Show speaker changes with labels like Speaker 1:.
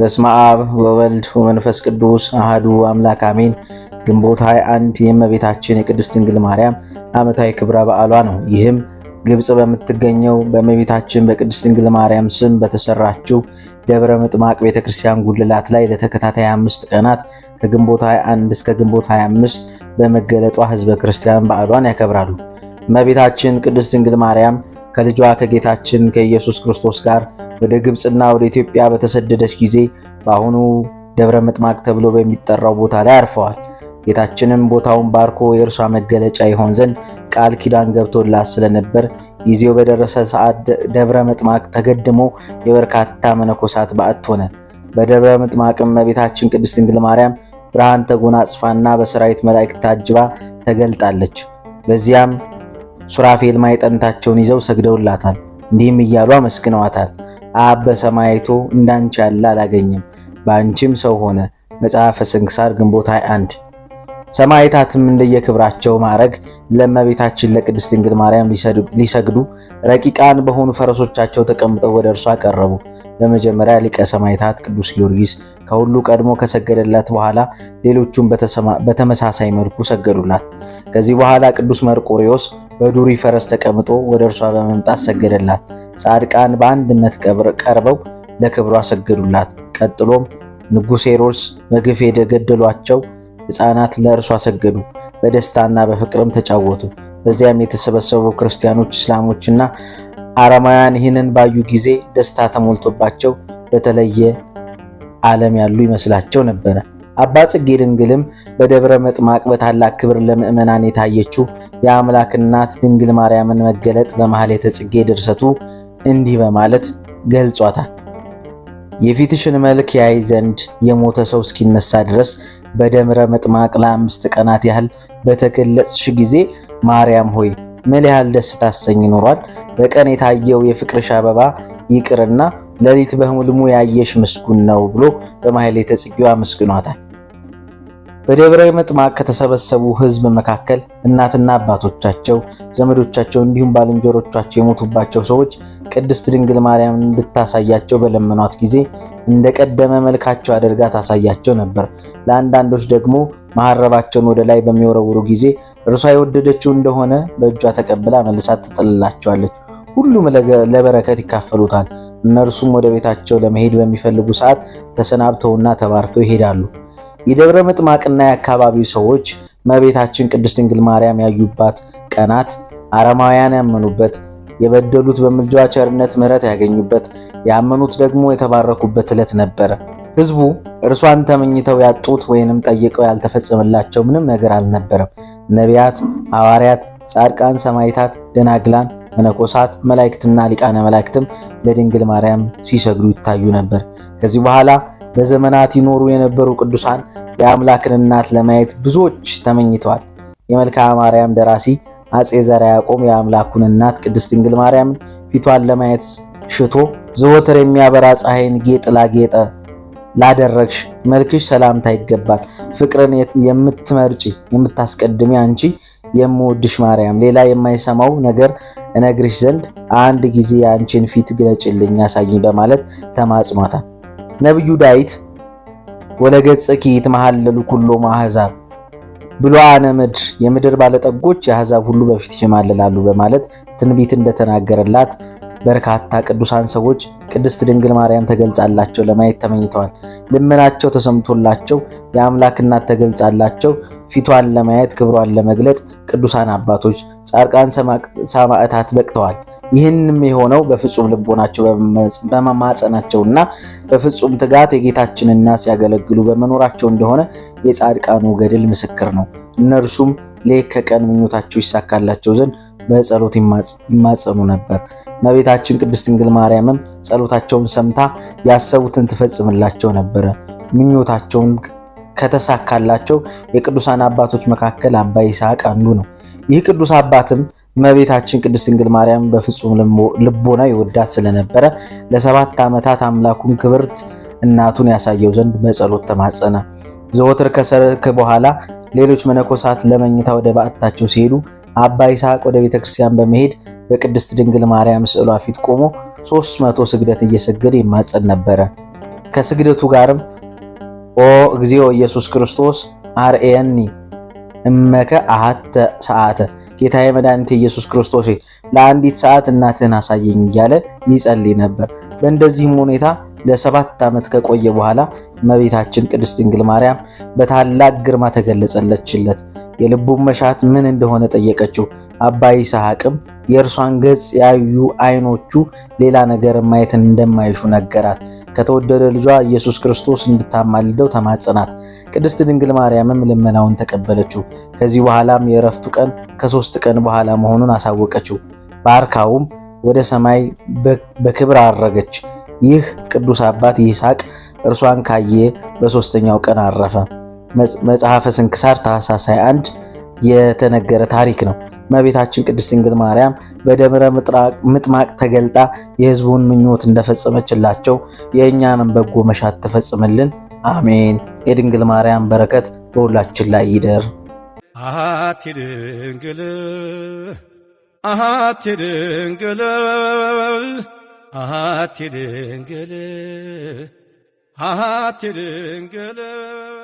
Speaker 1: በስመ አብ ወወልድ ወመንፈስ ቅዱስ አህዱ አምላክ አሜን። ግንቦት 21 የእመቤታችን የቅድስት ድንግል ማርያም ዓመታዊ ክብረ በዓሏ ነው። ይህም ግብጽ በምትገኘው በእመቤታችን በቅድስት ድንግል ማርያም ስም በተሰራችው ደብረ ምጥማቅ ቤተክርስቲያን ጉልላት ላይ ለተከታታይ አምስት ቀናት ከግንቦት 21 እስከ ግንቦት 25 በመገለጧ ህዝበ ክርስቲያን በዓሏን ያከብራሉ። እመቤታችን ቅድስት ድንግል ማርያም ከልጇ ከጌታችን ከኢየሱስ ክርስቶስ ጋር ወደ ግብፅና ወደ ኢትዮጵያ በተሰደደች ጊዜ በአሁኑ ደብረ ምጥማቅ ተብሎ በሚጠራው ቦታ ላይ አርፈዋል። ጌታችንም ቦታውን ባርኮ የእርሷ መገለጫ ይሆን ዘንድ ቃል ኪዳን ገብቶላት ስለነበር ጊዜው በደረሰ ሰዓት ደብረ ምጥማቅ ተገድሞ የበርካታ መነኮሳት በዓት ሆነ። በደብረ ምጥማቅም መቤታችን ቅድስት ድንግል ማርያም ብርሃን ተጎናጽፋና በሰራዊት መላእክት ታጅባ ተገልጣለች። በዚያም ሱራፌል ማዕጠንታቸውን ይዘው ሰግደውላታል፣ እንዲህም እያሉ አመስግነዋታል። አብ በሰማይቱ እንዳንቺ ያለ አላገኘም፣ በአንቺም ሰው ሆነ። መጽሐፈ ስንክሳር ግንቦት 21። ሰማዕታትም እንደየክብራቸው ማዕረግ ለእመቤታችን ለቅድስት ድንግል ማርያም ሊሰግዱ ረቂቃን በሆኑ ፈረሶቻቸው ተቀምጠው ወደ እርሷ ቀረቡ። በመጀመሪያ ሊቀ ሰማዕታት ቅዱስ ጊዮርጊስ ከሁሉ ቀድሞ ከሰገደላት በኋላ ሌሎቹም በተመሳሳይ መልኩ ሰገዱላት። ከዚህ በኋላ ቅዱስ መርቆሪዎስ በዱሪ ፈረስ ተቀምጦ ወደ እርሷ በመምጣት ሰገደላት። ጻድቃን በአንድነት ቀርበው ለክብሩ አሰገዱላት። ቀጥሎም ንጉሥ ሄሮድስ በግፍ የገደሏቸው ሕፃናት ለእርሱ አሰገዱ። በደስታና በፍቅርም ተጫወቱ። በዚያም የተሰበሰቡ ክርስቲያኖች፣ እስላሞችና አረማውያን ይህንን ባዩ ጊዜ ደስታ ተሞልቶባቸው በተለየ ዓለም ያሉ ይመስላቸው ነበረ። አባ ጽጌ ድንግልም በደብረ መጥማቅ በታላቅ ክብር ለምእመናን የታየችው የአምላክ እናት ድንግል ማርያምን መገለጥ በማኅሌተ ጽጌ ድርሰቱ እንዲህ በማለት ገልጿታል። የፊትሽን መልክ ያይ ዘንድ የሞተ ሰው እስኪነሳ ድረስ በደምረ መጥማቅ ለአምስት ቀናት ያህል በተገለጽሽ ጊዜ ማርያም ሆይ ምን ያህል ደስ ታሰኝ ኖሯል። በቀን የታየው የፍቅርሽ አበባ ይቅርና ሌሊት በህልሙ ያየሽ ምስጉን ነው ብሎ በማሕሌተ ጽጌው አመስግኗታል። በደብረ መጥማቅ ከተሰበሰቡ ህዝብ መካከል እናትና አባቶቻቸው፣ ዘመዶቻቸው እንዲሁም ባልንጀሮቻቸው የሞቱባቸው ሰዎች ቅድስት ድንግል ማርያም እንድታሳያቸው በለመኗት ጊዜ እንደቀደመ መልካቸው አድርጋ ታሳያቸው ነበር። ለአንዳንዶች ደግሞ መሐረባቸውን ወደ ላይ በሚወረውሩ ጊዜ እርሷ የወደደችው እንደሆነ በእጇ ተቀብላ መልሳት ትጥልላቸዋለች። ሁሉም ለበረከት ይካፈሉታል። እነርሱም ወደ ቤታቸው ለመሄድ በሚፈልጉ ሰዓት ተሰናብተውና ተባርከው ይሄዳሉ። የደብረ ምጥማቅና የአካባቢው ሰዎች መቤታችን ቅድስት ድንግል ማርያም ያዩባት ቀናት አረማውያን ያመኑበት የበደሉት በምልጃዋ ቸርነት ምሕረት ያገኙበት፣ ያመኑት ደግሞ የተባረኩበት ዕለት ነበረ። ሕዝቡ እርሷን ተመኝተው ያጡት ወይንም ጠይቀው ያልተፈጸመላቸው ምንም ነገር አልነበረም። ነቢያት፣ ሐዋርያት፣ ጻድቃን፣ ሰማይታት፣ ደናግላን፣ መነኮሳት፣ መላእክትና ሊቃነ መላእክትም ለድንግል ማርያም ሲሰግዱ ይታዩ ነበር። ከዚህ በኋላ በዘመናት ይኖሩ የነበሩ ቅዱሳን የአምላክን እናት ለማየት ብዙዎች ተመኝተዋል። የመልክዓ ማርያም ደራሲ አጼ ዘርዓ ያዕቆብ የአምላኩን እናት ቅድስት ድንግል ማርያምን ፊቷን ለማየት ሽቶ ዘወትር የሚያበራ ፀሐይን ጌጥ ላጌጠ ላደረግሽ መልክሽ ሰላምታ ይገባል። ፍቅርን የምትመርጪ የምታስቀድሚ አንቺ የምወድሽ ማርያም፣ ሌላ የማይሰማው ነገር እነግርሽ ዘንድ አንድ ጊዜ የአንቺን ፊት ግለጭልኝ ያሳይኝ በማለት ተማጽኗታል። ነቢዩ ዳዊት ወለገጽኪ ትመሃለሉ ኩሎ ማሕዛብ ብሉዓነ ምድር የምድር ባለጠጎች የአሕዛብ ሁሉ በፊት ይሸማልላሉ በማለት ትንቢት እንደተናገረላት በርካታ ቅዱሳን ሰዎች ቅድስት ድንግል ማርያም ተገልጻላቸው ለማየት ተመኝተዋል። ልመናቸው ተሰምቶላቸው የአምላክ እናት ተገልጻላቸው ፊቷን ለማየት ክብሯን ለመግለጥ ቅዱሳን አባቶች፣ ጻድቃን፣ ሰማዕታት በቅተዋል። ይህንም የሆነው በፍጹም ልቦናቸው በመማጸናቸውና በፍጹም ትጋት የጌታችንና ሲያገለግሉ በመኖራቸው እንደሆነ የጻድቃኑ ገድል ምስክር ነው። እነርሱም ሌት ከቀን ምኞታቸው ይሳካላቸው ዘንድ በጸሎት ይማጸኑ ነበር። እመቤታችን ቅድስት ድንግል ማርያምም ጸሎታቸውን ሰምታ ያሰቡትን ትፈጽምላቸው ነበረ። ምኞታቸውን ከተሳካላቸው የቅዱሳን አባቶች መካከል አባ ይስሐቅ አንዱ ነው። ይህ ቅዱስ አባትም እመቤታችን ቅድስት ድንግል ማርያም በፍጹም ልቦና ይወዳት ስለነበረ ለሰባት ዓመታት አምላኩን ክብርት እናቱን ያሳየው ዘንድ በጸሎት ተማጸነ። ዘወትር ከሰርክ በኋላ ሌሎች መነኮሳት ለመኝታ ወደ በዓታቸው ሲሄዱ አባ ይስሐቅ ወደ ቤተ ክርስቲያን በመሄድ በቅድስት ድንግል ማርያም ስዕሏ ፊት ቆሞ 300 ስግደት እየሰገደ ይማጸን ነበረ። ከስግደቱ ጋርም ኦ እግዚኦ ኢየሱስ ክርስቶስ አርኤኒ እመከ አሃተ ሰዓተ ጌታ የመድኃኒት ኢየሱስ ክርስቶስ ለአንዲት ሰዓት እናትህን አሳየኝ እያለ ይጸልይ ነበር። በእንደዚህም ሁኔታ ለሰባት ዓመት ከቆየ በኋላ እመቤታችን ቅድስት ድንግል ማርያም በታላቅ ግርማ ተገለጸለችለት። የልቡን መሻት ምን እንደሆነ ጠየቀችው። አባ ይስሐቅም የእርሷን ገጽ ያዩ አይኖቹ ሌላ ነገር ማየትን እንደማይሹ ነገራት። ከተወደደ ልጇ ኢየሱስ ክርስቶስ እንድታማልደው ተማጸናት። ቅድስት ድንግል ማርያምም ልመናውን ተቀበለችው። ከዚህ በኋላም የእረፍቱ ቀን ከሶስት ቀን በኋላ መሆኑን አሳወቀችው። በአርካውም ወደ ሰማይ በክብር አረገች። ይህ ቅዱስ አባት ይስሐቅ እርሷን ካየ በሶስተኛው ቀን አረፈ። መጽሐፈ ስንክሳር ታኅሳስ 21 የተነገረ ታሪክ ነው። እመቤታችን ቅድስት ድንግል ማርያም በደብረ ምጥማቅ ተገልጣ የህዝቡን ምኞት እንደፈጸመችላቸው የእኛንም በጎ መሻት ትፈጽምልን። አሜን። የድንግል ማርያም በረከት በሁላችን ላይ ይደር። አሐቲ ድንግል ድንግል ድንግል ድንግል